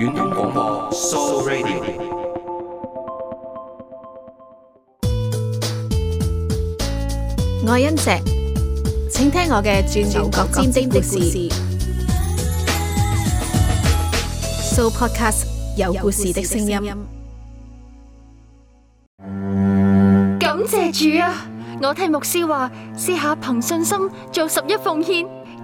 遠東廣播，Soul Radio，愛恩石，請聽我嘅轉轉角尖尖的故事，Soul Podcast 有故事的聲音。感謝主啊！我聽牧師話，試下憑信心做十一奉獻。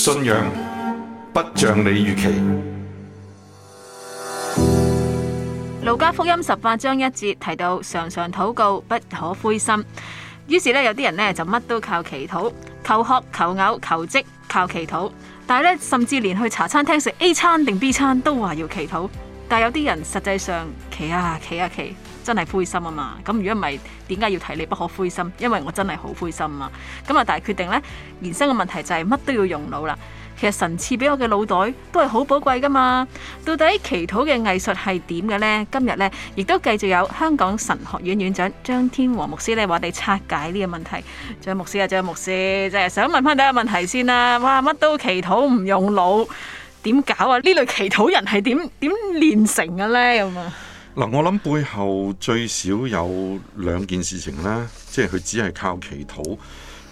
信仰不像你預期。路加福音十八章一節提到，常常禱告不可灰心。於是咧，有啲人呢，就乜都靠祈禱，求學、求偶、求職靠祈禱。但係咧，甚至連去茶餐廳食 A 餐定 B 餐都話要祈禱。但係有啲人實際上祈啊祈啊祈。真係灰心啊嘛，咁如果唔係，點解要提你不可灰心？因為我真係好灰心啊，咁啊，但係決定咧，衍生嘅問題就係乜都要用腦啦。其實神賜俾我嘅腦袋都係好寶貴噶嘛。到底祈禱嘅藝術係點嘅咧？今日咧亦都繼續有香港神學院院長張天和牧師咧，話我哋拆解呢個問題。張牧師啊，張牧師，就係想問翻第一個問題先啦。哇，乜都祈禱唔用腦，點搞啊？呢類祈禱人係點點練成嘅咧？咁啊？嗱，我諗背後最少有兩件事情呢，即係佢只係靠祈禱。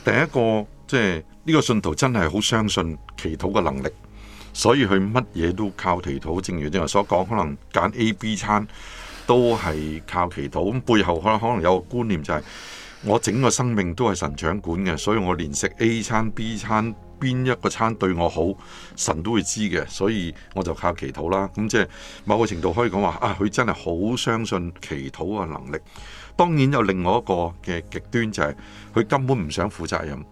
第一個即係呢個信徒真係好相信祈禱嘅能力，所以佢乜嘢都靠祈禱。正如之前所講，可能揀 A、B 餐都係靠祈禱咁。背後可能可能有個觀念就係我整個生命都係神掌管嘅，所以我連食 A 餐、B 餐。邊一個餐對我好，神都會知嘅，所以我就靠祈禱啦。咁即係某個程度可以講話啊，佢真係好相信祈禱嘅能力。當然有另外一個嘅極端就係，佢根本唔想負責任，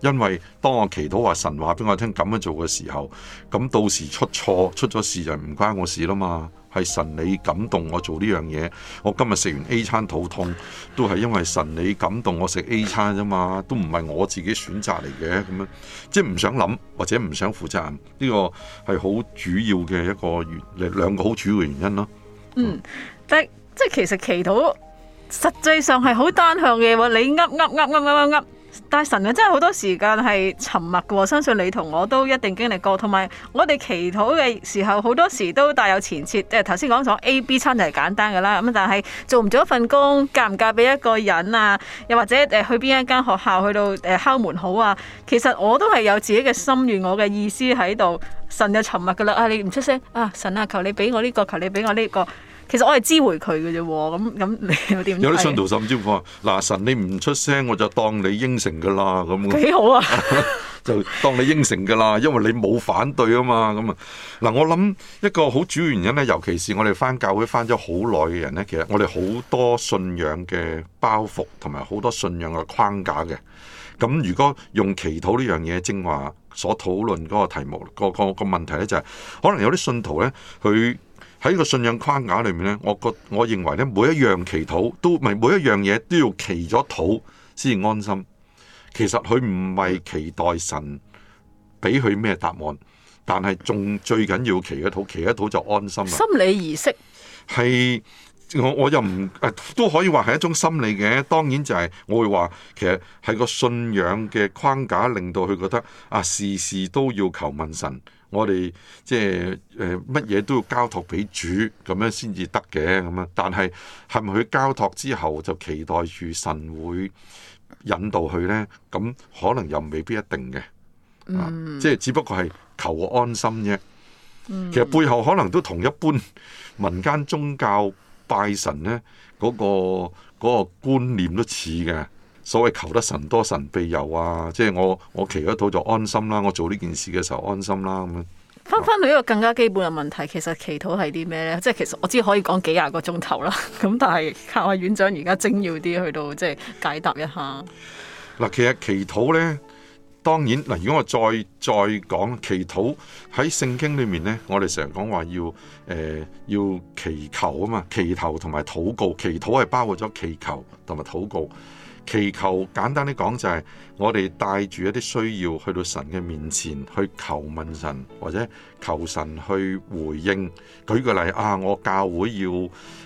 因為當我祈禱話神話俾我聽咁樣做嘅時候，咁到時出錯、出咗事就唔關我事啦嘛。係神你感動我做呢樣嘢，我今日食完 A 餐肚痛，都係因為神你感動我食 A 餐啫嘛，都唔係我自己選擇嚟嘅咁樣，即係唔想諗或者唔想負責任呢個係好主要嘅一個原，兩個好主要嘅原因咯。嗯，但即係其實祈禱實際上係好單向嘅，你噏噏噏噏噏噏噏。但神啊，真係好多時間係沉默嘅喎，相信你同我都一定經歷過。同埋我哋祈禱嘅時候，好多時都帶有前設，即係頭先講咗 A、B 餐就係簡單嘅啦。咁但係做唔做一份工，嫁唔嫁俾一個人啊？又或者誒去邊一間學校去到誒敲門好啊？其實我都係有自己嘅心願，我嘅意思喺度。神就沉默嘅啦，啊你唔出聲啊，神啊求你俾我呢個，求你俾我呢個。其實我係知會佢嘅啫，咁咁你點？有啲信徒甚至乎話：嗱，神你唔出聲，我就當你應承噶啦咁。幾好啊！ 就當你應承噶啦，因為你冇反對啊嘛，咁啊嗱。我諗一個好主要原因咧，尤其是我哋翻教會翻咗好耐嘅人咧，其實我哋好多信仰嘅包袱同埋好多信仰嘅框架嘅。咁如果用祈禱呢樣嘢正話所討論嗰個題目，那個個，那個問題咧就係、是，可能有啲信徒咧佢。喺個信仰框架裏面呢，我覺得我認為呢，每一樣祈禱都唔係，每一樣嘢都要祈咗禱先安心。其實佢唔係期待神俾佢咩答案，但係仲最緊要祈咗禱，祈咗禱就安心啦。心理儀式係我我又唔都可以話係一種心理嘅，當然就係我會話其實係個信仰嘅框架令到佢覺得啊，事事都要求問神。我哋即係誒，乜、呃、嘢都要交託俾主，咁樣先至得嘅咁樣。但係係咪佢交託之後就期待住神會引導佢呢？咁可能又未必一定嘅，即、啊、係、嗯、只不過係求安心啫。其實背後可能都同一般民間宗教拜神呢，嗰、嗰個嗰、嗯、個觀念都似嘅。所謂求得神多神庇佑啊，即係我我祈一禱就安心啦，我做呢件事嘅時候安心啦咁樣。翻翻去一個更加基本嘅問題，其實祈禱係啲咩咧？即係其實我知可以講幾廿個鐘頭啦，咁但係靠吓院長而家精要啲去到即係解答一下。嗱，其實祈禱咧，當然嗱，如果我再再講祈禱喺聖經裏面咧，我哋成日講話要誒、呃、要祈求啊嘛，祈求同埋禱告，祈禱係包括咗祈求同埋禱告。祈求，簡單啲講就係、是、我哋帶住一啲需要去到神嘅面前去求問神，或者求神去回應。舉個例啊，我教會要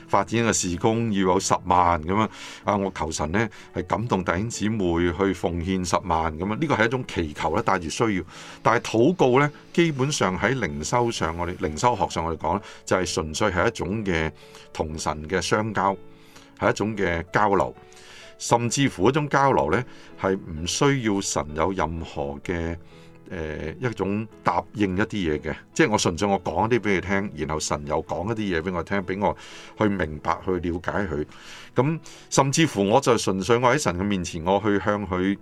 發展嘅事工要有十萬咁樣啊，我求神呢係感動弟兄姊妹去奉獻十萬咁樣。呢個係一種祈求啦，帶住需要。但係禱告咧，基本上喺靈修上我哋靈修學上我哋講咧，就係、是、純粹係一種嘅同神嘅相交，係一種嘅交流。甚至乎一種交流呢，係唔需要神有任何嘅誒、呃、一種答應一啲嘢嘅，即係我純粹我講一啲俾佢聽，然後神又講一啲嘢俾我聽，俾我去明白去了解佢。咁、嗯、甚至乎我就純粹我喺神嘅面前，我去向佢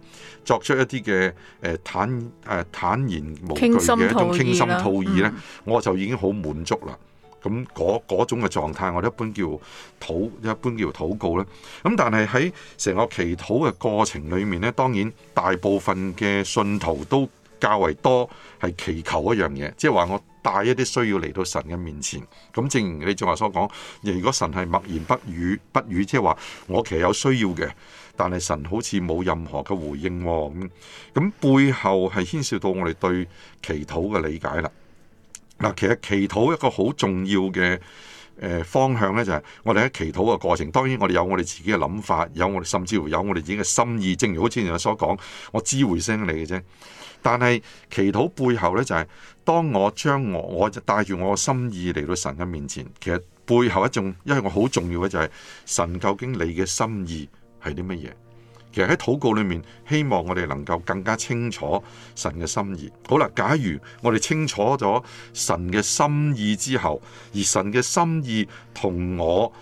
作出一啲嘅誒坦誒、呃、坦然無懼嘅一種傾心吐意呢，嗯、我就已經好滿足啦。咁嗰、嗯、種嘅狀態，我一般叫禱，一般叫禱告咧。咁、嗯、但係喺成個祈禱嘅過程裏面咧，當然大部分嘅信徒都較為多係祈求一樣嘢，即係話我帶一啲需要嚟到神嘅面前。咁、嗯、正如你正話所講，如果神係默然不語，不語即係話我其實有需要嘅，但係神好似冇任何嘅回應咁、哦。咁、嗯嗯嗯、背後係牽涉到我哋對祈禱嘅理解啦。嗱，其實祈禱一個好重要嘅誒、呃、方向咧，就係、是、我哋喺祈禱嘅過程。當然，我哋有我哋自己嘅諗法，有我哋甚至乎有我哋自己嘅心意。正如好似有人所講，我知回聲你嘅啫。但係祈禱背後咧，就係、是、當我將我我帶住我嘅心意嚟到神嘅面前，其實背後一種，因為我好重要嘅就係、是、神究竟你嘅心意係啲乜嘢？其實喺禱告裏面，希望我哋能夠更加清楚神嘅心意。好啦，假如我哋清楚咗神嘅心意之後，而神嘅心意同我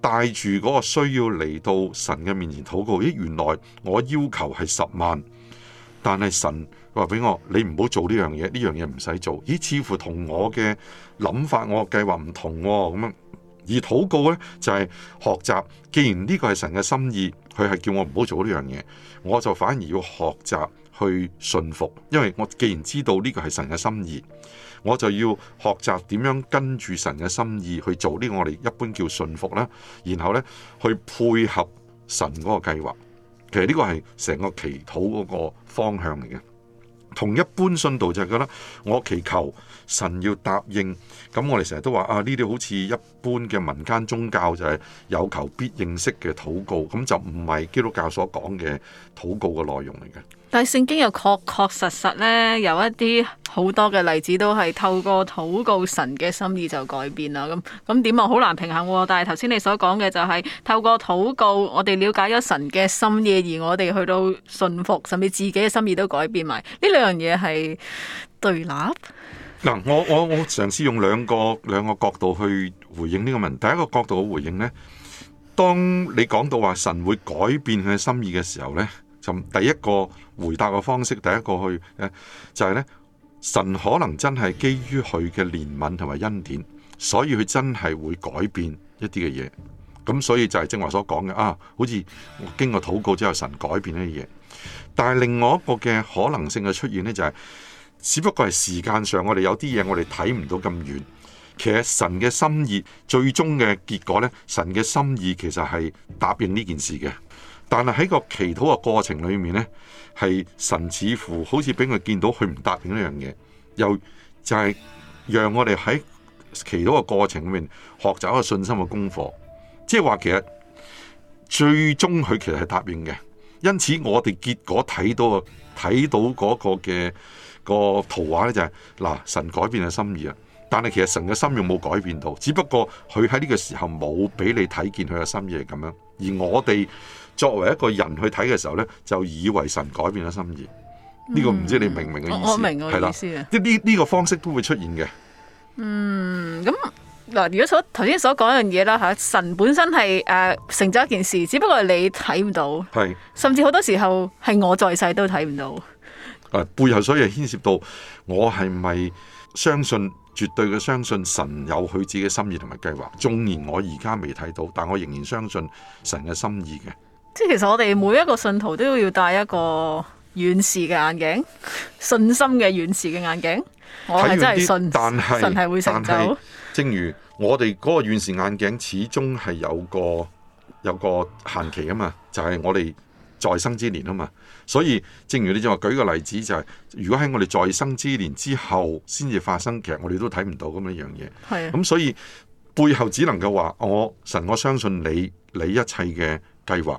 帶住嗰個需要嚟到神嘅面前禱告，咦，原來我要求係十萬，但係神話俾我，你唔好做呢樣嘢，呢樣嘢唔使做。咦，似乎同我嘅諗法、我嘅計劃唔同喎，咁樣！而禱告呢，就係、是、學習，既然呢個係神嘅心意，佢係叫我唔好做呢樣嘢，我就反而要學習去信服，因為我既然知道呢個係神嘅心意，我就要學習點樣跟住神嘅心意去做。呢個我哋一般叫信服啦，然後呢，去配合神嗰個計劃。其實呢個係成個祈禱嗰個方向嚟嘅，同一般信道就係覺得，我祈求神要答應，咁我哋成日都話啊，呢啲好似一般嘅民間宗教就係有求必應式嘅禱告，咁就唔係基督教所講嘅禱告嘅內容嚟嘅。但係聖經又確確實實呢，有一啲好多嘅例子都係透過禱告神嘅心意就改變啦。咁咁點啊？好難平衡喎、啊。但係頭先你所講嘅就係透過禱告，我哋了解咗神嘅心意，而我哋去到信服，甚至自己嘅心意都改變埋。呢兩樣嘢係對立？嗱，我我我嘗試用兩個兩 個角度去。回應呢個問題，第一個角度嘅回應呢，當你講到話神會改變佢嘅心意嘅時候呢，就第一個回答嘅方式，第一個去就係呢：「神可能真係基於佢嘅憐憫同埋恩典，所以佢真係會改變一啲嘅嘢。咁所以就係正話所講嘅啊，好似我經過禱告之後，神改變一啲嘢。但係另外一個嘅可能性嘅出現呢，就係只不過係時間上，我哋有啲嘢我哋睇唔到咁遠。其實神嘅心意最終嘅結果呢，神嘅心意其實係答應呢件事嘅。但係喺個祈禱嘅過程裏面呢，係神似乎好似俾佢見到佢唔答應呢樣嘢，又就係讓我哋喺祈禱嘅過程裏面學習一個信心嘅功課。即係話其實最終佢其實係答應嘅，因此我哋結果睇到睇到嗰個嘅、嗰個圖畫咧就係、是、嗱，神改變嘅心意啊！但係其實神嘅心意冇改變到，只不過佢喺呢個時候冇俾你睇見佢嘅心意係咁樣，而我哋作為一個人去睇嘅時候呢，就以為神改變咗心意。呢、呢個唔知你明唔明嘅意思？嗯、我，我明我嘅意思，即呢呢個方式都會出現嘅。嗯，咁嗱，如果所頭先所講一樣嘢啦，吓神本身係誒、呃、成就一件事，只不過你睇唔到，係甚至好多時候係我在世都睇唔到、呃、背後所以係牽涉到我係咪相信？絕對嘅相信神有佢自己嘅心意同埋計劃，縱然我而家未睇到，但我仍然相信神嘅心意嘅。即係其實我哋每一個信徒都要戴一個遠視嘅眼鏡，信心嘅遠視嘅眼鏡，我係真係信但係神係會成就。正如我哋嗰個遠視眼鏡始終係有個有個限期啊嘛，就係、是、我哋在生之年啊嘛。所以，正如你咁話，舉個例子就係、是，如果喺我哋再生之年之後先至發生，其實我哋都睇唔到咁樣一樣嘢。係啊的，咁、嗯、所以背後只能夠話，我神，我相信你，你一切嘅計劃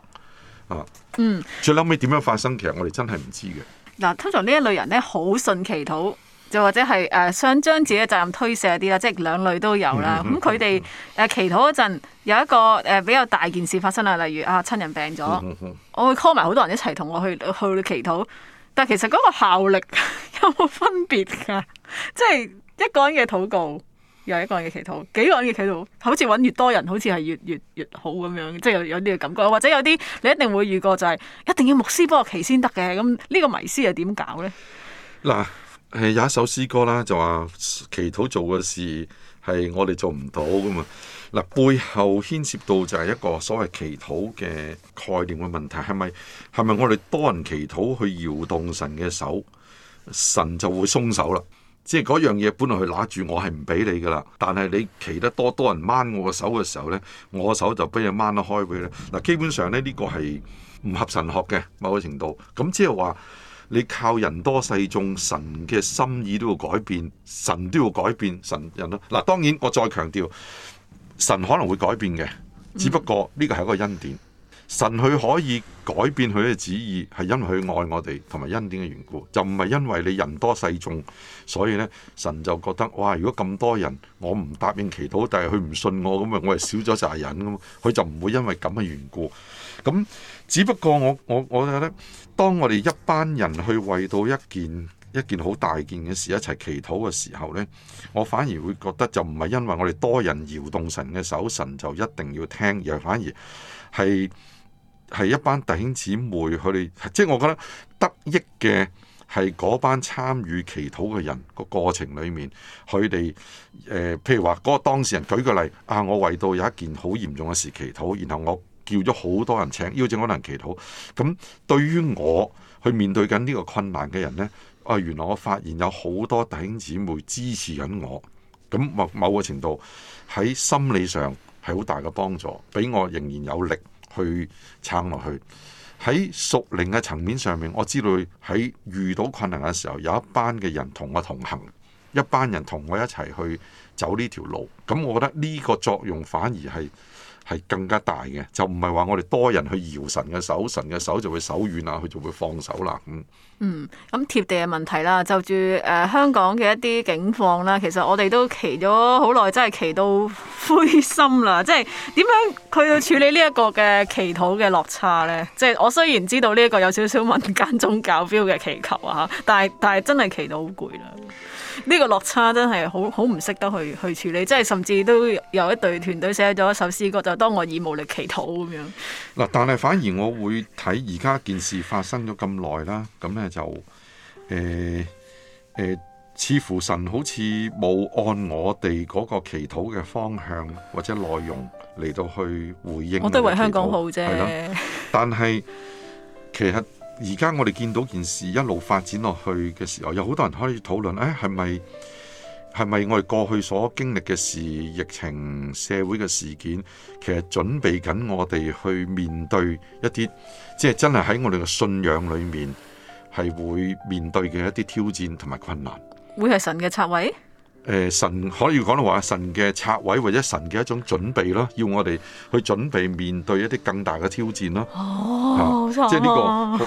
啊，嗯，最諗尾點樣發生，其實我哋真係唔知嘅。嗱、嗯，通常呢一類人咧，好信祈禱。就或者係誒想將自己嘅責任推卸啲啦，即係兩類都有啦。咁佢哋誒祈禱嗰陣有一個誒比較大件事發生啦，例如啊親人病咗， 我會 call 埋好多人一齊同我去去祈禱。但係其實嗰個效力有冇分別㗎？ 即係一個人嘅禱告，又係一個人嘅祈禱，幾個人嘅祈禱，好似揾越多人，好似係越越越好咁樣。即係有呢個感覺，或者有啲你一定會遇過，就係一定要牧師幫我祈先得嘅。咁呢個迷思係點搞呢？嗱。 係有一首詩歌啦，就話祈禱做嘅事係我哋做唔到噶嘛。嗱，背後牽涉到就係一個所謂祈禱嘅概念嘅問題，係咪係咪我哋多人祈禱去搖動神嘅手，神就會鬆手啦？即係嗰樣嘢本來佢拿住我係唔俾你噶啦，但係你祈得多多人掹我個手嘅時候呢，我手就俾人掹得開佢咧。嗱，基本上呢，呢個係唔合神學嘅某個程度，咁即係話。你靠人多勢眾，神嘅心意都要改變，神都要改變，神人咯。嗱，當然我再強調，神可能會改變嘅，只不過呢個係一個恩典。神佢可以改變佢嘅旨意，係因為佢愛我哋同埋恩典嘅緣故，就唔係因為你人多勢眾，所以呢，神就覺得哇！如果咁多人，我唔答應祈禱，但係佢唔信我，咁啊我係少咗十人咁，佢就唔會因為咁嘅緣故。咁、嗯、只不過我我我覺得，當我哋一班人去為到一件一件好大件嘅事一齊祈禱嘅時候呢，我反而會覺得就唔係因為我哋多人搖動神嘅手，神就一定要聽，而係反而係。係一班弟兄姊妹，佢哋即係我覺得得益嘅係嗰班參與祈禱嘅人個過程裏面，佢哋誒譬如話嗰個當事人舉個例啊，我為到有一件好嚴重嘅事祈禱，然後我叫咗好多人請邀請可能祈禱。咁對於我去面對緊呢個困難嘅人呢，啊原來我發現有好多弟兄姊妹支持緊我，咁某某個程度喺心理上係好大嘅幫助，俾我仍然有力，去撐落去，喺熟齡嘅層面上面，我知道喺遇到困難嘅時候，有一班嘅人同我同行，一班人同我一齊去走呢條路，咁我覺得呢個作用反而係。係更加大嘅，就唔係話我哋多人去搖神嘅手，神嘅手就會手軟啊，佢就會放手啦。嗯，嗯，嗯，咁貼地嘅問題啦，就住誒、呃、香港嘅一啲境況啦，其實我哋都祈咗好耐，真係祈到灰心啦。即係點樣佢要處理呢一個嘅祈禱嘅落差呢？即、就、係、是、我雖然知道呢一個有少少民間宗教標嘅祈求啊，但係但係真係祈到好攰啦。呢個落差真係好好唔識得去去處理，即係甚至都有一隊團隊寫咗一首詩歌，就當我以無力祈禱咁樣。嗱，但係反而我會睇而家件事發生咗咁耐啦，咁咧就誒誒、欸欸，似乎神好似冇按我哋嗰個祈禱嘅方向或者內容嚟到去回應。我都係為香港好啫，係咯，但係其實。而家我哋見到件事一路發展落去嘅時候，有好多人可以討論，誒、哎，係咪係咪我哋過去所經歷嘅事、疫情、社會嘅事件，其實準備緊我哋去面對一啲，即係真係喺我哋嘅信仰裏面係會面對嘅一啲挑戰同埋困難，會係神嘅策位。誒、呃，神可以講到話神嘅拆位，或者神嘅一種準備咯，要我哋去準備面對一啲更大嘅挑戰咯。哦，啊啊、即係呢、呢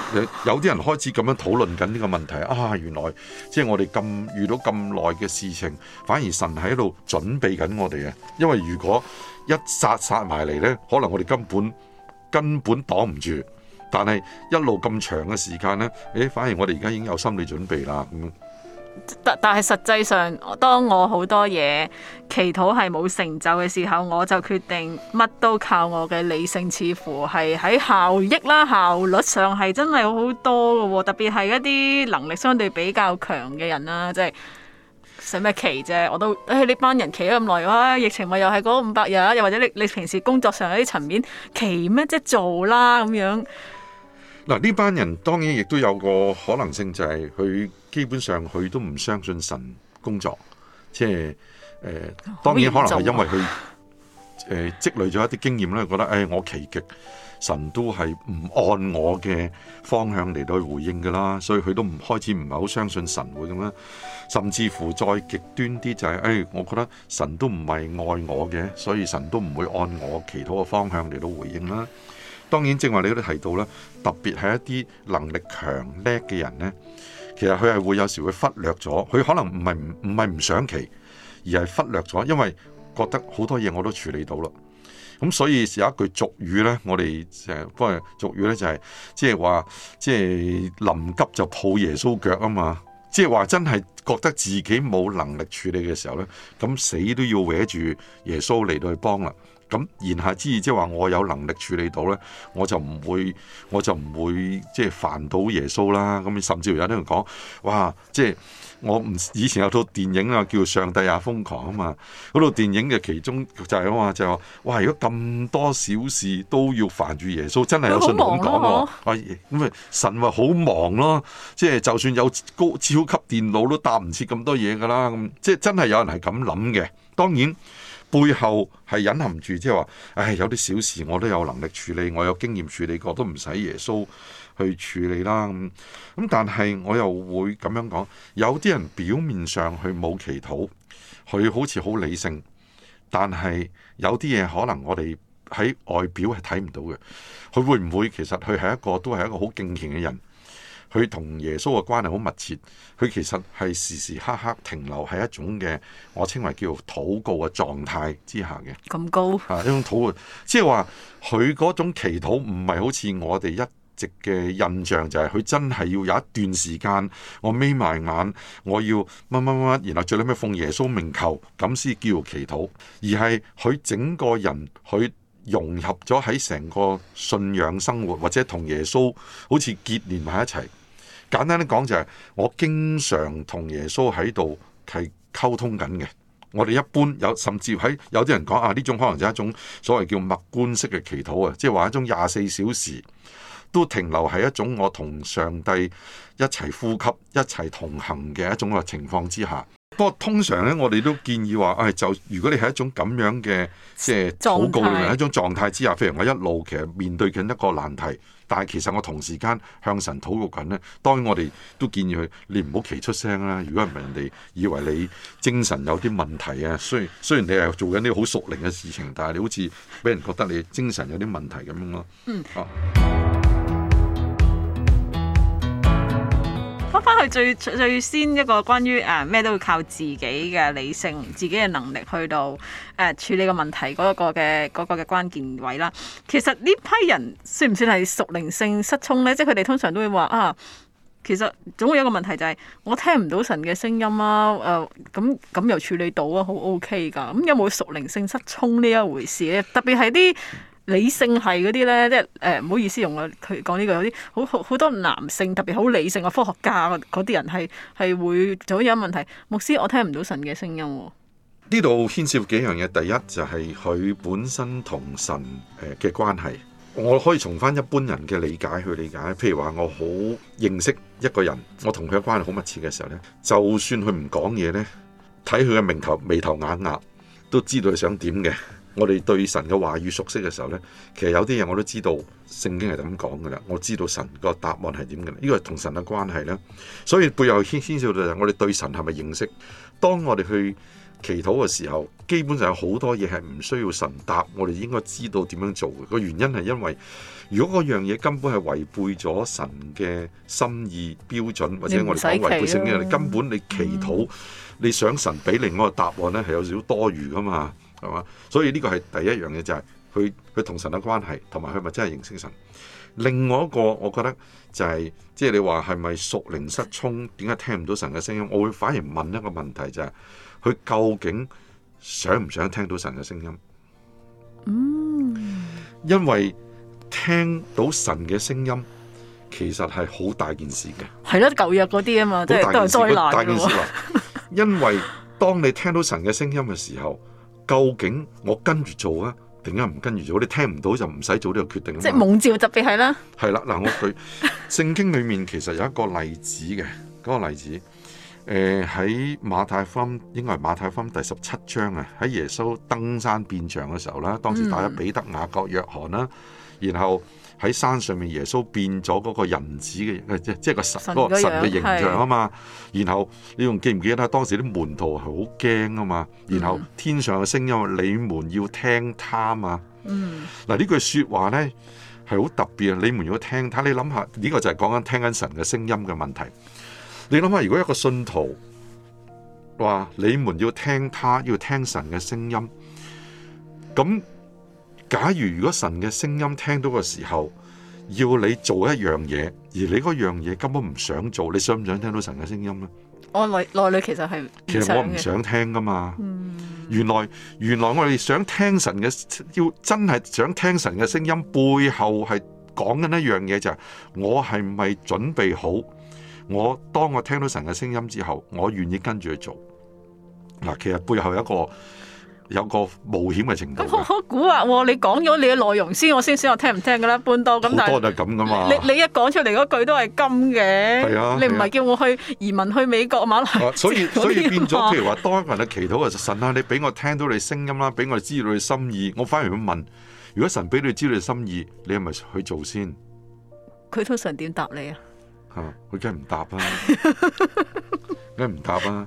個有啲人開始咁樣討論緊呢個問題啊！原來即係我哋咁遇到咁耐嘅事情，反而神喺度準備緊我哋嘅。因為如果一剎剎埋嚟呢，可能我哋根本根本擋唔住。但係一路咁長嘅時間呢，誒、哎，反而我哋而家已經有心理準備啦。咁、嗯、樣。但但係實際上，當我好多嘢祈禱係冇成就嘅時候，我就決定乜都靠我嘅理性。似乎係喺效益啦、效率上係真係好好多噶、哦。特別係一啲能力相對比較強嘅人啦、啊，即係使咩祈啫？我都唉，呢、哎、班人祈咗咁耐，哇、哎！疫情咪又係嗰五百日、啊、又或者你你平時工作上有啲層面祈咩啫？做啦咁樣。嗱，呢班人當然亦都有個可能性，就係佢基本上佢都唔相信神工作，即係誒，當然可能係因為佢誒積累咗一啲經驗咧，覺得誒、哎、我祈極神都係唔按我嘅方向嚟到回應噶啦，所以佢都唔開始唔係好相信神會咁樣，甚至乎再極端啲就係、是、誒、哎，我覺得神都唔係愛我嘅，所以神都唔會按我祈禱嘅方向嚟到回應啦。當然，正話你都提到啦，特別係一啲能力強叻嘅人呢，其實佢係會有時會忽略咗，佢可能唔係唔唔係唔想祈，而係忽略咗，因為覺得好多嘢我都處理到啦。咁所以有一句俗語呢，我哋誒，不過俗語呢就係，即係話，即係臨急就抱耶穌腳啊嘛！即係話真係覺得自己冇能力處理嘅時候呢，咁死都要搲住耶穌嚟到去幫啦。咁言下之意，即係話我有能力處理到咧，我就唔會，我就唔會即係煩到耶穌啦。咁甚至有啲人講，哇，即係我唔，以前有套電影啊，叫《上帝也瘋狂》啊嘛。嗰套電影嘅其中就係咁啊，就話哇，如果咁多小事都要煩住耶穌，真係有信徒咁講喎。咁，嗯，啊神話好忙咯啊，即係就算有高超級電腦都答唔切咁多嘢噶啦。咁即係真係有人係咁諗嘅。當然。背後係隱含住，即係話，唉，有啲小事我都有能力處理，我有經驗處理過，都唔使耶穌去處理啦。咁、嗯、咁，但係我又會咁樣講，有啲人表面上佢冇祈禱，佢好似好理性，但係有啲嘢，可能我哋喺外表係睇唔到嘅，佢會唔會其實佢係一個都係一個好敬虔嘅人？佢同耶穌嘅關係好密切，佢其實係時時刻刻停留喺一種嘅我稱為叫禱告嘅狀態之下嘅。咁高吓，一種禱告，即係話，佢嗰種祈禱唔係好似我哋一直嘅印象，就係、是、佢真係要有一段時間我眯埋眼，我要乜乜乜，然後最後尾奉耶穌名求，咁先叫做祈禱，而係佢整個人，佢融合咗喺成個信仰生活，或者同耶穌好似結連埋一齊。簡單啲講就係我經常同耶穌喺度係溝通緊嘅。我哋一般有甚至喺有啲人講啊，呢種可能就係一種所謂叫默觀式嘅祈禱啊，即係話一種廿四小時都停留喺一種我同上帝一齊呼吸、一齊同行嘅一種情況之下。不過通常呢，我哋都建議話，誒就如果你係一種咁樣嘅即係禱告嘅一種狀態之下，譬如我一路其實面對緊一個難題。但係，其實我同時間向神禱告緊咧。當然，我哋都建議佢，你唔好奇出聲啦。如果唔係，人哋以為你精神有啲問題啊。雖然雖然你係做緊啲好屬靈嘅事情，但係你好似俾人覺得你精神有啲問題咁樣咯，啊。嗯。啊講翻去最最先一個關於誒咩、呃、都要靠自己嘅理性、自己嘅能力去到誒、呃、處理個問題嗰個嘅嗰個嘅關鍵位啦。其實呢批人算唔算係屬靈性失聰咧？即係佢哋通常都會話啊，其實總會有一個問題就係、是、我聽唔到神嘅聲音啊。誒、呃，咁咁又處理到啊，好 OK 㗎。咁、嗯、有冇屬靈性失聰呢一回事咧？特別係啲。理性係嗰啲咧，即係誒，唔好意思，用我佢講呢個，有啲好好好多男性特別好理性嘅科學家嗰啲人係係會就好有問題。牧師，我聽唔到神嘅聲音。呢度牽涉幾樣嘢，第一就係佢本身同神誒嘅關係。我可以從翻一般人嘅理解去理解，譬如話我好認識一個人，我同佢嘅關係好密切嘅時候咧，就算佢唔講嘢咧，睇佢嘅名頭眉頭眼額，都知道佢想點嘅。我哋對神嘅話語熟悉嘅時候呢，其實有啲嘢我都知道，聖經係咁講噶啦，我知道神個答案係點嘅。呢、這個係同神嘅關係呢，所以背後牽牽涉到就係我哋對神係咪認識？當我哋去祈禱嘅時候，基本上有好多嘢係唔需要神答，我哋應該知道點樣做嘅。個原因係因為如果嗰樣嘢根本係違背咗神嘅心意標準，或者我哋講違背聖經，你根本你祈禱、嗯、你想神俾另外答案呢，係有少少多餘噶嘛。所以呢個係第一樣嘢，就係佢佢同神嘅關係，同埋佢咪真係認識神。另外一個，我覺得就係、是，即、就、係、是、你話係咪屬靈失聰？點解聽唔到神嘅聲音？我會反而問一個問題、就是，就係佢究竟想唔想聽到神嘅聲音？嗯，因為聽到神嘅聲音，其實係好大件事嘅。係咯、嗯，舊約嗰啲啊嘛，都係大件事嘅。嗯、因為當你聽到神嘅聲音嘅時候。究竟我跟住做啊，定係唔跟住做？你聽唔到就唔使做呢個決定。即係蒙召，特別係啦。係啦，嗱，我舉聖經裏面其實有一個例子嘅，嗰、那個例子，誒、呃、喺馬太福音，應該係馬太福音第十七章啊，喺耶穌登山變像嘅時候啦，當時帶咗彼得、雅各、約翰啦，嗯、然後。喺山上面，耶穌變咗嗰個人子嘅，即係個神個神嘅形象啊嘛。是然後你仲記唔記得當時啲門徒係好驚啊嘛。然後天上嘅聲音，你們要聽祂嘛。嗱，呢句説話呢係好特別啊！你們要聽，睇你諗下呢個就係講緊聽緊神嘅聲音嘅問題。你諗下，如果一個信徒話你們要聽他，要聽神嘅聲音，咁。假如如果神嘅聲音聽到嘅時候，要你做一樣嘢，而你嗰樣嘢根本唔想做，你想唔想聽到神嘅聲音咧？我內內裏其實係，其實我唔想聽㗎嘛。嗯。原來原來我哋想聽神嘅，要真係想聽神嘅聲音背後係講緊一樣嘢就係，我係唔係準備好？我當我聽到神嘅聲音之後，我願意跟住去做。嗱，其實背後有一個。有個冒險嘅程度，咁好蠱惑啊！你講咗你嘅內容先，我先我先我聽唔聽噶啦，半多咁。好多都係咁噶嘛，你你一講出嚟嗰句都係金嘅。係 啊，啊你唔係叫我去移民去美國嘛所？所以所以變咗，譬如話，多一個人祈禱啊，神啊，你俾我聽到你聲音啦，俾我知道你心意，我反而會問：如果神俾你知道你心意，你係咪去做先？佢通常點答你啊？吓、啊，佢梗係唔答啦，梗係唔答啦。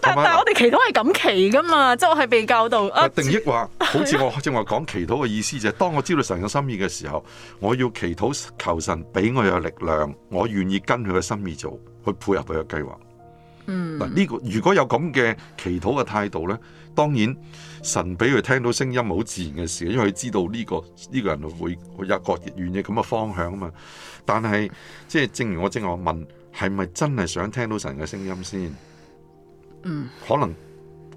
但吧但我哋祈禱係咁祈噶嘛，即係我係被教導。啊、定義話，好似我正話講祈禱嘅意思就係， 當我知道神嘅心意嘅時候，我要祈禱求神俾我有力量，我願意跟佢嘅心意做，去配合佢嘅計劃。嗯，嗱呢、這個如果有咁嘅祈禱嘅態度咧，當然神俾佢聽到聲音係好自然嘅事，因為佢知道呢、這個呢、這個人會會有個願意咁嘅方向啊嘛。但係即係正如我正話問，係咪真係想聽到神嘅聲音先？嗯，可能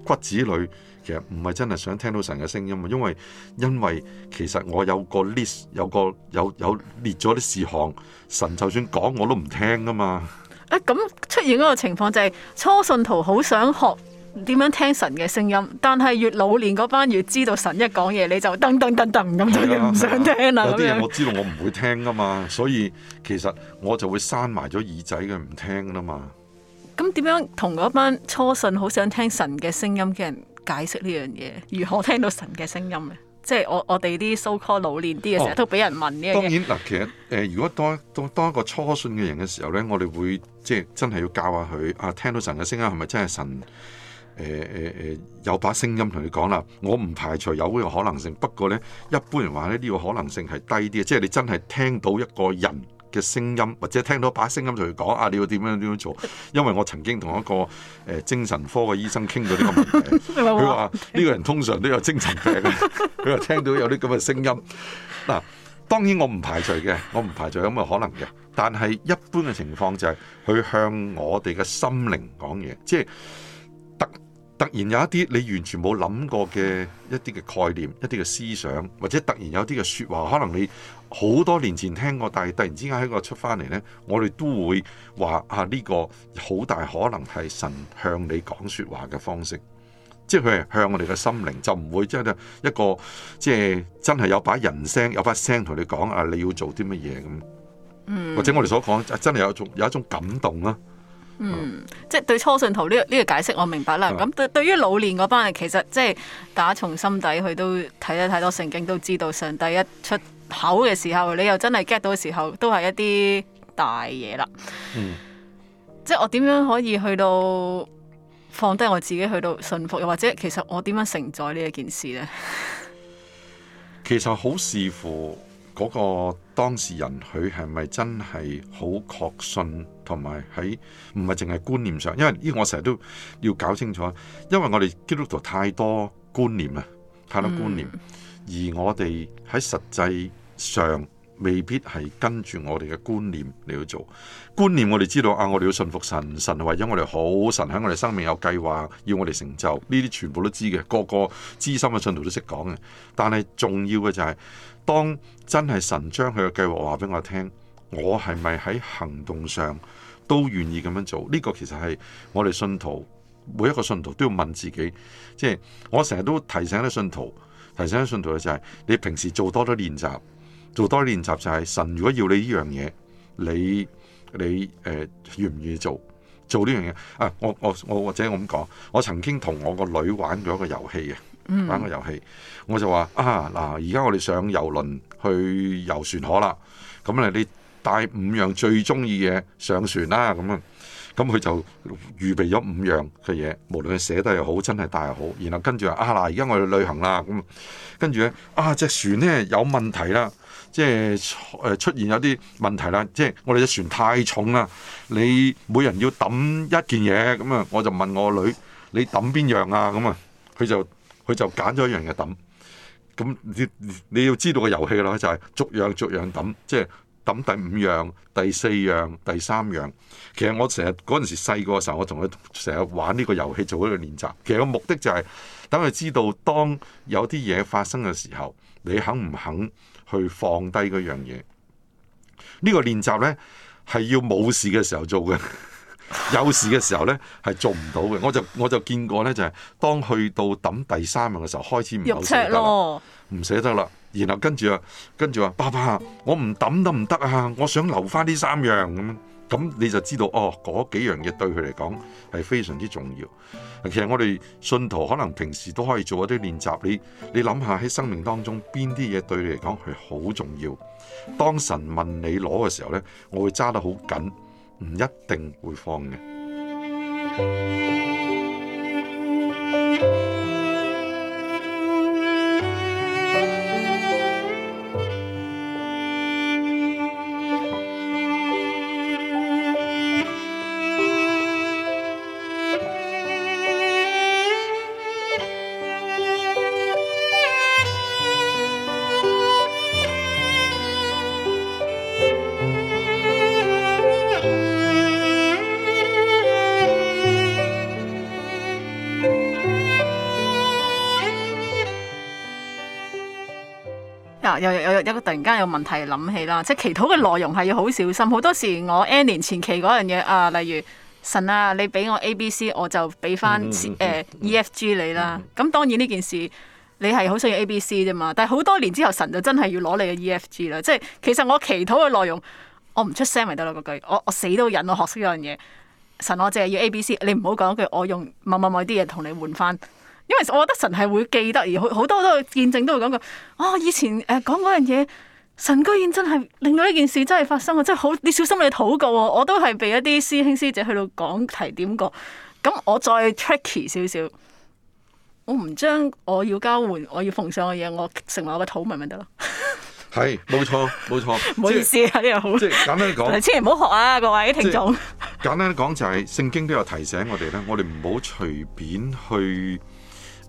骨子裏其實唔係真係想聽到神嘅聲音啊，因為因為其實我有個 list，有個有有列咗啲事項，神就算講我都唔聽噶嘛。誒、啊，咁出現嗰個情況就係、是、初信徒好想學點樣聽神嘅聲音，但係越老年嗰班越知道神一講嘢，你就噔噔噔噔咁就唔想聽啦、啊啊。有啲人我知道我唔會聽噶嘛， 所以其實我就會閂埋咗耳仔嘅，唔聽啦嘛。咁點樣同嗰班初信好想聽神嘅聲音嘅人解釋呢樣嘢？如何聽到神嘅聲音咧？即係我我哋啲 so call 老練啲嘅，成日都俾人問呢、哦？當然嗱，其實誒、呃，如果當當當一個初信嘅人嘅時候咧，我哋會即係真係要教下佢啊，聽到神嘅聲音係咪真係神？誒誒誒，有把聲音同你講啦。我唔排除有呢個可能性，不過咧，一般人話咧呢、呢個可能性係低啲嘅，即係你真係聽到一個人。嘅聲音，或者聽到把聲音就嚟講啊！你要點樣點樣做？因為我曾經同一個誒、呃、精神科嘅醫生傾過呢個問題，佢話呢個人通常都有精神病，佢 話聽到有啲咁嘅聲音。嗱，當然我唔排除嘅，我唔排除有咁嘅可能嘅，但係一般嘅情況就係、是、佢向我哋嘅心靈講嘢，即係突突然有一啲你完全冇諗過嘅一啲嘅概念、 一啲嘅思想，或者突然有啲嘅説話，可能你。好多年前聽過，但係突然之間喺個出翻嚟呢，我哋都會話啊呢、這個好大可能係神向你講説話嘅方式，即係佢係向我哋嘅心靈，就唔會即係一個即係真係有把人聲有把聲同你講啊，你要做啲乜嘢咁。嗯、或者我哋所講真係有一種有一種感動啦。嗯，吧即係對初信徒呢、這個呢、這個解釋我明白啦。咁對吧對於老年嗰班人其實即係打從心底佢都睇得太多聖經都知道上帝一出口嘅時候，你又真係 get 到嘅時候，都係一啲大嘢啦。嗯，即係我點樣可以去到放低我自己，去到信服，又或者其實我點樣承載呢一件事呢？其實好視乎嗰個當事人佢係咪真係好確信，同埋喺唔係淨係觀念上，因為呢個我成日都要搞清楚，因為我哋基督徒太多觀念啦，太多觀念。嗯而我哋喺實際上未必係跟住我哋嘅觀念嚟去做觀念，我哋知道啊，我哋要信服神，神為咗我哋好，神喺我哋生命有計劃，要我哋成就呢啲，全部都知嘅，個個資深嘅信徒都識講嘅。但係重要嘅就係，當真係神將佢嘅計劃話俾我聽，我係咪喺行動上都願意咁樣做？呢個其實係我哋信徒每一個信徒都要問自己，即係我成日都提醒啲信徒。提醒信徒嘅就係，你平時做多啲練習，做多練習就係神如果要你呢樣嘢，你你誒、呃、願唔願意做做呢樣嘢？啊，我我我或者咁講，我曾經同我個女玩過一個遊戲嘅，嗯、玩個遊戲，我就話：啊嗱，而家我哋上遊輪去遊船河啦，咁咧你帶五樣最中意嘅上船啦，咁啊！咁佢就預備咗五樣嘅嘢，無論佢寫得又好，真係大又好。然後跟住話啊嗱，而家我去旅行啦咁，跟住咧啊，隻船咧有問題啦，即係誒出現有啲問題啦，即係我哋隻船太重啦，你每人要揼一件嘢咁啊，我就問我女：你揼邊樣啊？咁啊，佢就佢就揀咗一樣嘢揼。咁你你要知道個遊戲啦，就係、是、逐樣逐樣揼，即係。抌第五樣、第四樣、第三樣，其實我成日嗰陣時細個嘅時候，我同佢成日玩呢個遊戲做一個練習。其實個目的就係等佢知道，當有啲嘢發生嘅時候，你肯唔肯去放低嗰樣嘢？呢個練習呢係要冇事嘅時候做嘅， 有事嘅時候呢係做唔到嘅。我就我就見過呢，就係當去到抌第三樣嘅時候，開始唔捨得啦，唔捨得啦。然後跟住話，跟住話，爸爸，我唔抌都唔得啊！我想留翻呢三樣咁，咁你就知道哦，嗰幾樣嘢對佢嚟講係非常之重要。其實我哋信徒可能平時都可以做一啲練習，你你諗下喺生命當中邊啲嘢對你嚟講係好重要？當神問你攞嘅時候呢，我會揸得好緊，唔一定會放嘅。問題諗起啦，即係祈禱嘅內容係要好小心。好多時我 N 年前期嗰樣嘢啊，例如神啊，你俾我 A B C，我就俾翻誒 E F G 你啦。咁 當然呢件事你係好想要 A B C 啫嘛。但係好多年之後，神就真係要攞你嘅 E F G 啦。即係其實我祈禱嘅內容，我唔出聲咪得咯。嗰句我我死都忍，我學識呢樣嘢。神我淨係要 A B C，你唔好講句我用某某某啲嘢同你換翻，因為我覺得神係會記得而好好多都見證都會講句哦，以前誒講嗰樣嘢。神居然真係令到呢件事真係發生啊！真係好，你小心你禱告啊！我都係被一啲師兄師姐去到講提點過。咁我再 tricky 少少，我唔將我要交換、我要奉上嘅嘢，我成為我嘅禱文，咪得咯？係，冇錯，冇錯。唔好意思，呢樣好，即係簡單講，千祈唔好學啊！各位聽眾，簡單講就係、是、聖經都有提醒我哋咧，我哋唔好隨便去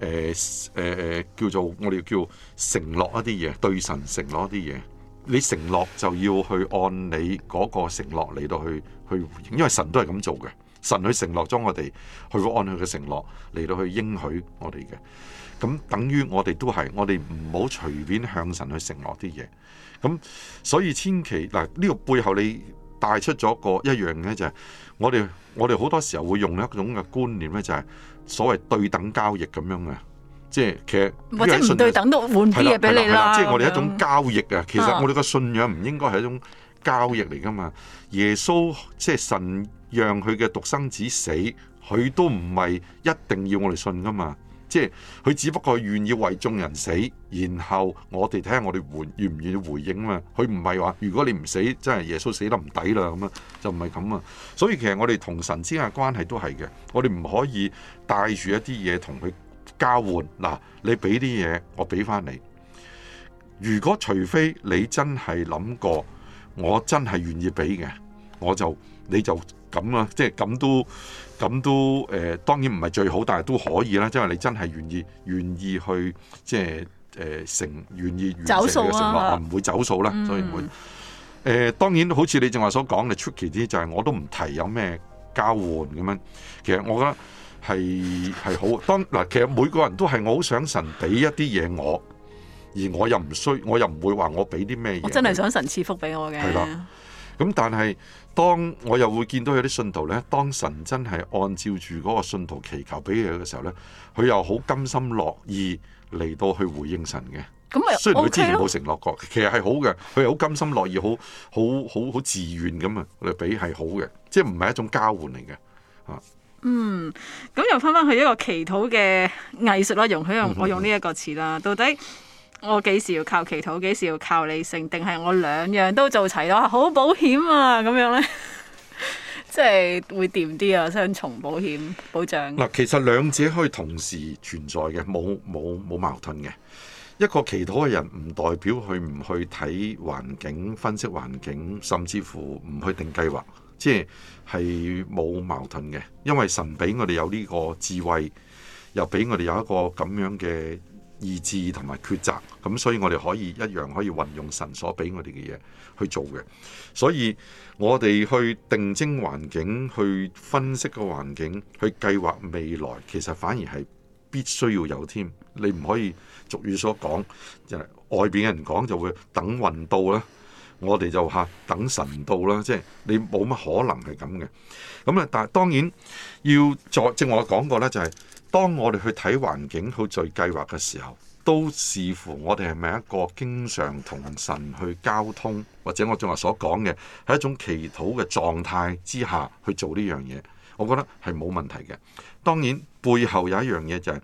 誒誒誒，叫做我哋叫承諾一啲嘢，對神承諾一啲嘢。你承諾就要去按你嗰個承諾嚟到去去回應，因為神都係咁做嘅，神去承諾咗我哋，去按佢嘅承諾嚟到去應許我哋嘅。咁等於我哋都係，我哋唔好隨便向神去承諾啲嘢。咁所以千祈嗱，呢個背後你帶出咗個一樣咧，就係我哋我哋好多時候會用一種嘅觀念呢，就係所謂對等交易咁樣嘅。即係其實或者唔對等都換啲嘢俾你啦。即係我哋一種交易啊。okay. 其實我哋嘅信仰唔應該係一種交易嚟噶嘛。啊、耶穌即係神讓佢嘅獨生子死，佢都唔係一定要我哋信噶嘛。即係佢只不過願意為眾人死，然後我哋聽我哋回願唔願意回應啊嘛。佢唔係話如果你唔死，真係耶穌死得唔抵啦咁啊，就唔係咁啊。所以其實我哋同神之間嘅關係都係嘅，我哋唔可以帶住一啲嘢同佢。交換嗱，你俾啲嘢，我俾翻你。如果除非你真係諗過，我真係願意俾嘅，我就你就咁啦，即係咁都咁都誒、呃，當然唔係最好，但係都可以啦。即係你真係願意願意去即係誒承願意完成嘅承諾、啊、我唔會走數啦。嗯、所以唔會誒、呃。當然好似你正話所講，你出奇啲就係、是、我都唔提有咩交換咁樣。其實我覺得。係係好，當嗱，其實每個人都係我好想神俾一啲嘢我，而我又唔需，我又唔會話我俾啲咩嘢。我真係想神賜福俾我嘅。係啦，咁、嗯、但係當我又會見到有啲信徒咧，當神真係按照住嗰個信徒祈求俾佢嘅時候咧，佢又好甘心樂意嚟到去回應神嘅。咁就雖然佢之前冇承諾過，Okay. 其實係好嘅，佢又好甘心樂意，好好好好自願咁啊嚟俾係好嘅，即係唔係一種交換嚟嘅啊。嗯，咁又翻翻去一個祈禱嘅藝術啦。容許用我用呢一個詞啦。嗯、到底我幾時要靠祈禱，幾時要靠理性，定係我兩樣都做齊咗，好保險啊？咁樣呢，即 係會掂啲啊，雙重保險保障。嗱，其實兩者可以同時存在嘅，冇冇冇矛盾嘅。一個祈禱嘅人唔代表佢唔去睇環境、分析環境，甚至乎唔去定計劃。即係冇矛盾嘅，因為神俾我哋有呢個智慧，又俾我哋有一個咁樣嘅意志同埋抉擇，咁所以我哋可以一樣可以運用神所俾我哋嘅嘢去做嘅。所以我哋去定睛環境、去分析個環境、去計劃未來，其實反而係必須要有添。你唔可以俗語所講，就係外邊嘅人講就會等運到啦。我哋就嚇等神到啦，即係你冇乜可能係咁嘅。咁啊，但係當然要再，正係我講過咧，就係當我哋去睇環境去做計劃嘅時候，都視乎我哋係咪一個經常同神去交通，或者我仲話所講嘅係一種祈禱嘅狀態之下去做呢樣嘢。我覺得係冇問題嘅。當然背後有一樣嘢就係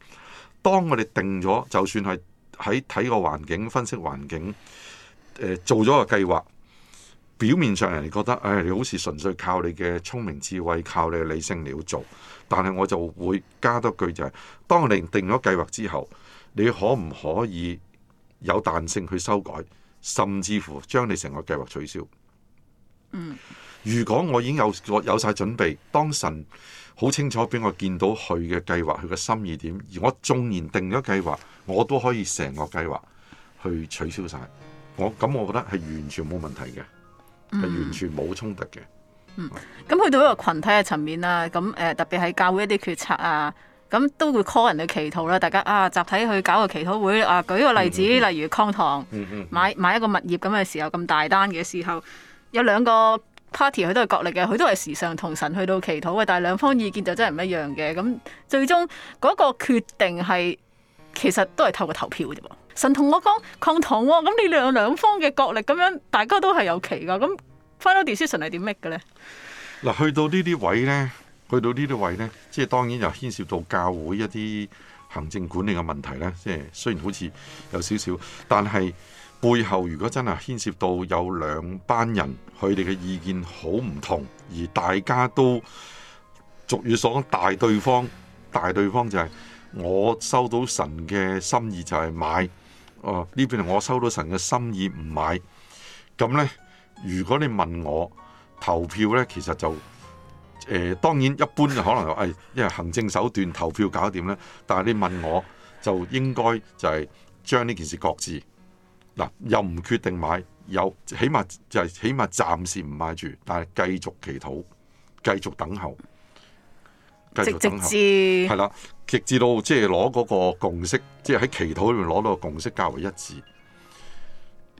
當我哋定咗，就算係，喺睇個環境、分析環境。做咗個計劃，表面上人哋覺得誒、哎，你好似純粹靠你嘅聰明智慧，靠你嘅理性嚟做。但係我就會加多句就係、是，當你定咗計劃之後，你可唔可以有彈性去修改，甚至乎將你成個計劃取消？如果我已經有有晒準備，當神好清楚俾我見到佢嘅計劃，佢嘅心意點，而我縱然定咗計劃，我都可以成個計劃去取消晒。我咁，我覺得係完全冇問題嘅，係、嗯、完全冇衝突嘅。嗯，咁是、嗯、去到一個群體嘅層面啦，咁誒、呃、特別係教會一啲決策啊，咁都會 call 人哋祈禱啦。大家啊，集體去搞個祈禱會啊。舉個例子，例如康堂買買一個物業咁嘅時候，咁大單嘅時候，有兩個 party 佢都係角力嘅，佢都係時尚同神去到祈禱嘅，但係兩方意見就真係唔一樣嘅。咁最終嗰、那個決定係其實都係透過投票嘅啫。神同我講抗糖喎，咁你兩兩方嘅角力咁樣，大家都係有歧噶，咁 final decision 係點 make 嘅咧？嗱，去到呢啲位咧，去到呢啲位咧，即係當然就牽涉到教會一啲行政管理嘅問題咧。即係雖然好似有少少，但係背後如果真係牽涉到有兩班人，佢哋嘅意見好唔同，而大家都俗語所講大對方，大對方就係我收到神嘅心意就係買。哦，呢邊我收到神嘅心意唔買，咁呢，如果你問我投票呢，其實就誒、呃，當然一般就可能誒、哎，因為行政手段投票搞掂，呢但係你問我就應該就係將呢件事擱置。嗱，又唔決定買，又起碼就係、是、起碼暫時唔買住，但係繼續祈禱，繼續等候，繼續等候，係啦。直至到即係攞嗰個共識，即係喺祈禱裏邊攞到個共識較為一致。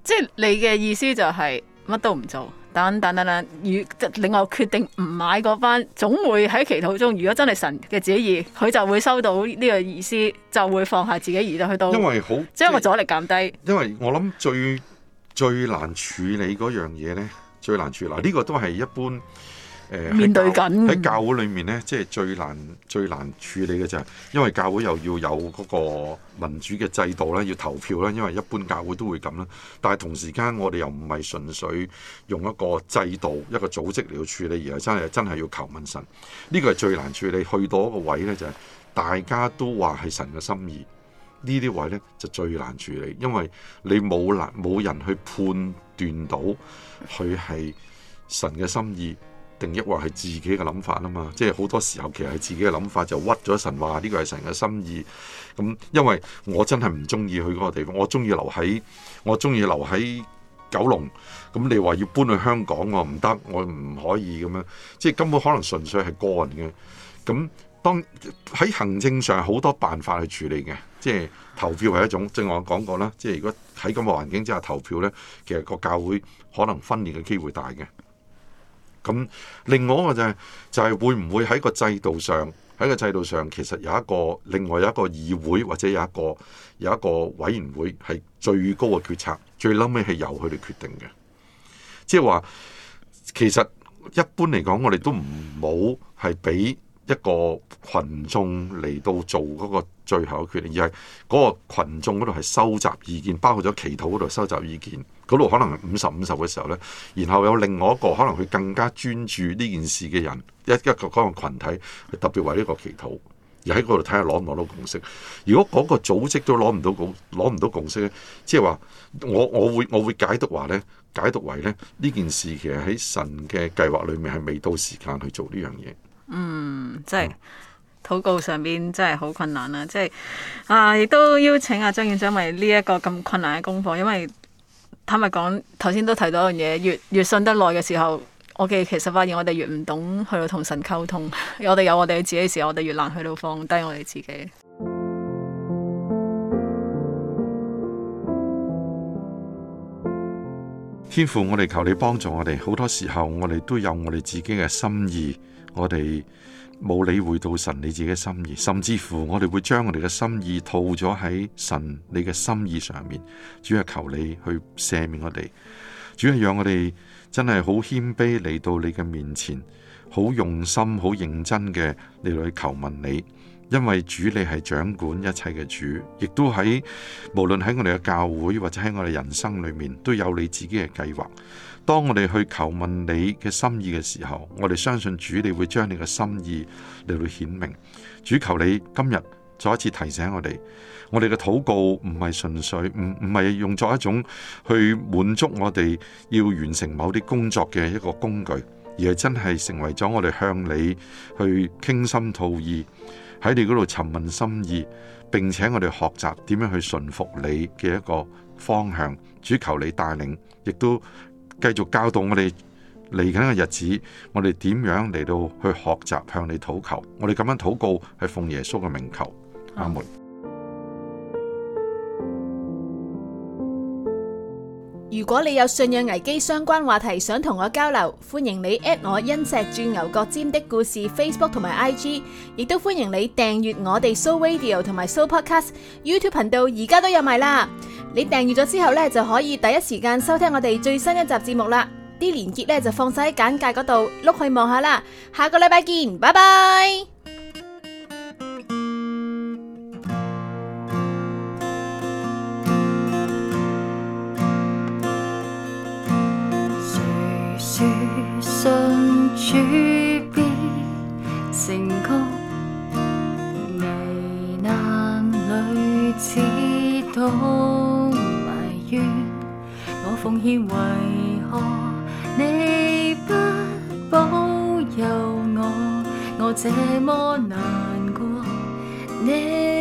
即係你嘅意思就係乜都唔做，等等等等。如另外決定唔買嗰班，總會喺祈禱中。如果真係神嘅旨意，佢就會收到呢個意思，就會放下自己而就去到。因為好將個阻力減低。因為我諗最最難處理嗰樣嘢咧，最難處理。呢、這個都係一般。呃、面喺教，教會裏面呢，即係最難最難處理嘅就係，因為教會又要有嗰個民主嘅制度咧，要投票啦。因為一般教會都會咁啦。但係同時間我哋又唔係純粹用一個制度、一個組織嚟到處理，而係真係真係要求問神。呢、呢個係最難處理。去到一個位呢，就係、係、大家都話係神嘅心意，呢啲位呢，就最難處理，因為你冇難冇人去判斷到佢係神嘅心意。定抑或係自己嘅諗法啊嘛，即係好多時候其實係自己嘅諗法，就屈咗神話呢個係神嘅心意。咁因為我真係唔中意去嗰個地方，我中意留喺我中意留喺九龍。咁你話要搬去香港啊，我唔得，我唔可以咁樣。即係根本可能純粹係個人嘅。咁當喺行政上好多辦法去處理嘅，即係投票係一種。正如我講過啦，即係如果喺咁嘅環境之下投票呢，其實個教會可能分裂嘅機會大嘅。咁另外一個就係，就係會唔會喺個制度上，喺個制度上其實有一個，另外有一個議會，或者有一個有一個委員會係最高嘅決策，最嬲尾係由佢哋決定嘅，即係話其實一般嚟講，我哋都唔好係俾一個群眾嚟到做嗰個。最後嘅決定，而係嗰個羣眾嗰度係收集意見，包括咗祈禱嗰度收集意見。嗰度可能五十五十嘅時候呢，然後有另外一個可能佢更加專注呢件事嘅人，一個一個嗰個羣體特別為呢個祈禱，而喺嗰度睇下攞唔攞到共識。如果嗰個組織都攞唔到共攞唔到共識咧，即係話我我會我會解讀話呢，解讀為咧呢件事其實喺神嘅計劃裏面係未到時間去做呢樣嘢。嗯，即係。禱告上邊真係好困難啊。即係啊，亦都邀請阿張院長為呢一個咁困難嘅功課。因為坦白講，頭先都提到一樣嘢，越越信得耐嘅時候，我哋其實發現我哋越唔懂去到同神溝通。我哋有我哋自己嘅時候，我哋越難去到放低我哋自己。天父，我哋求你幫助我哋。好多時候我哋都有我哋自己嘅心意，我哋。冇理會到神你自己嘅心意，甚至乎我哋會將我哋嘅心意套咗喺神你嘅心意上面。主啊，求你去赦免我哋。主啊，讓我哋真係好謙卑嚟到你嘅面前，好用心、好認真嘅嚟到去求問你，因為主你係掌管一切嘅主，亦都喺無論喺我哋嘅教會或者喺我哋人生裏面，都有你自己嘅計劃。當我哋去求問你嘅心意嘅時候，我哋相信主你會將你嘅心意嚟到顯明。主求你今日再一次提醒我哋，我哋嘅禱告唔係純粹，唔唔係用作一種去滿足我哋要完成某啲工作嘅一個工具，而係真係成為咗我哋向你去傾心吐意，喺你嗰度詢問心意，並且我哋學習點樣去順服你嘅一個方向。主求你帶領，亦都。繼續教導我哋嚟緊嘅日子，我哋點樣嚟到去學習向你禱求？我哋咁樣禱告，係奉耶穌嘅名求。阿門。如果你有信仰危機相關話題想同我交流，歡迎你 at 我《恩石鑽牛角尖的故事》Facebook 同埋 IG，亦都歡迎你訂閱我哋 So Radio 同埋 So Podcast YouTube 頻道，而家都有賣啦。你訂閱咗之後呢，就可以第一時間收聽我哋最新一集節目啦。啲連結呢，就放晒喺簡介嗰度，碌去望下啦。下個禮拜見，拜拜。奉獻為何你不保佑我？我這麼難過。你